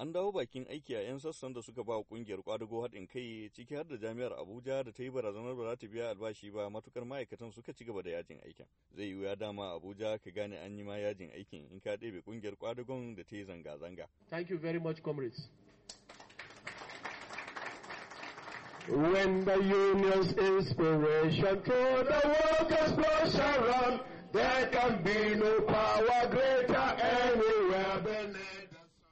An dawo bakin aiki a 'yan sassan da suka ba wa kungiyar kwadago haɗin kai ciki har da jami'ar Abuja da ta yi barazanar ba za ta biya albashi ba matukar ma'aikatan suka ci gaba da yajin aikin. Zai yi wuya dama Abuja ka gane an yi ma yajin aikin in ka ɗebe kungiyar kwadagon da ta yi zanga-zanga. Thank you very much comrades. When the union's inspiration to the workers flows around, there can be no power greater anywhere than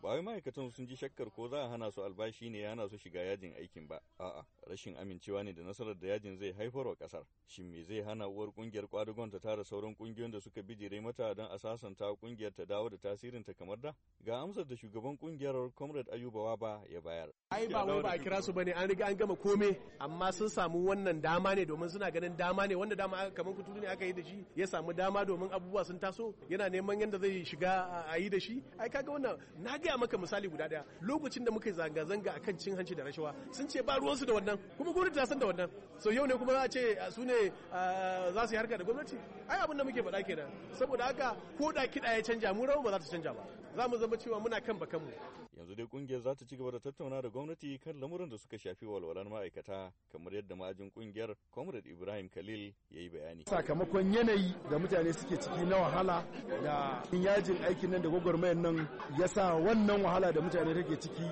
ba wai ma'aikatan sun ji shakkar ko za a hana su albashi ne ya hana su shiga yajin aikin ba a'a rashin amincewa ne da nasarar da yajin zai haifar wa kasar shin me zai hana uwar kungiyar kwadugon ta tara sauran kungiyoyin da suka bijire mata don a sasanta kungiyar ta dawo da tasirin ta kamar da ga amsar da shugaban kungiyar comrade ayubawa ba ya bayar ai ba wai ba a kira su bane an riga an gama komai amma sun samu wannan dama ne domin suna ganin dama ne wanda dama kamar kuturu ne aka yi da shi ya samu dama domin abubuwa sun taso yana neman yadda zai shiga a yi da shi ai kaga wannan na ga maka misali guda daya lokacin da muka zanga zanga akan cin hanci da rashawa sun ce ba ruwansu da wannan kuma gwamnati ta san da wannan so yau ne kuma za a ce ah, su ne ah, za su yi harka da gwamnati ai abin da muke faɗa kenan saboda haka ko da kiɗa ya canja mu rawa ba za ta canja ba za mu zama cewa muna kan mu yanzu dai kungiyar za ta ci gaba da tattauna da gwamnati kan lamuran da suka shafi walwalar ma'aikata kamar yadda ma'ajin kungiyar comrade ibrahim khalil ya yi bayani sakamakon yanayi da mutane suke ciki na wahala da yajin aikin nan da gwagwarmayar nan ya sa wannan wannan wahala da mutane take ciki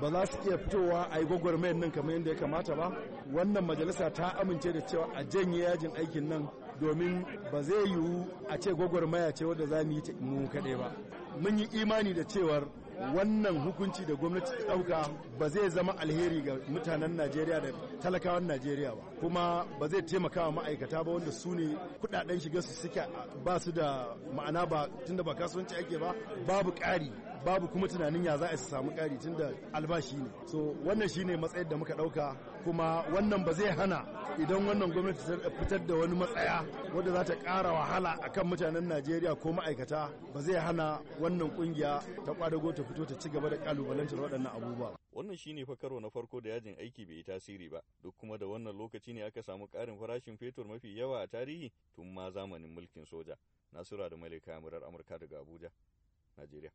ba za su iya fitowa a yi gwagwarmayar nan kamar yadda ya kamata ba wannan majalisa ta amince da cewa a janye yajin aikin nan domin ba zai yiwu a ce gwagwarmaya ce wadda za mu yi mu kaɗai ba mun yi imani da cewar wannan hukunci da gwamnati ta ɗauka ba zai zama alheri ga mutanen najeriya da talakawan najeriya ba kuma ba zai taimaka wa ma'aikata ba wanda su ne kudaden shiga su suke ba su da ma'ana ba tunda ba kasuwanci ake ba babu ƙari babu kuma tunanin ya za a samu ƙari da albashi ne so wannan shine matsayin da muka ɗauka kuma wannan ba zai hana idan wannan gwamnati ta fitar da wani matsaya wadda za ta ƙara wahala kan mutanen najeriya ko ma'aikata ba zai hana wannan ƙungiya ta kwadago ta fito ta ci gaba da ƙalubalantar waɗannan abubuwa wannan shine fa karo na farko da yajin aiki bai yi tasiri ba duk kuma da wannan lokaci ne aka samu ƙarin farashin fetur mafi yawa a tarihi tun ma zamanin mulkin soja nasura da malika murar amurka daga abuja najeriya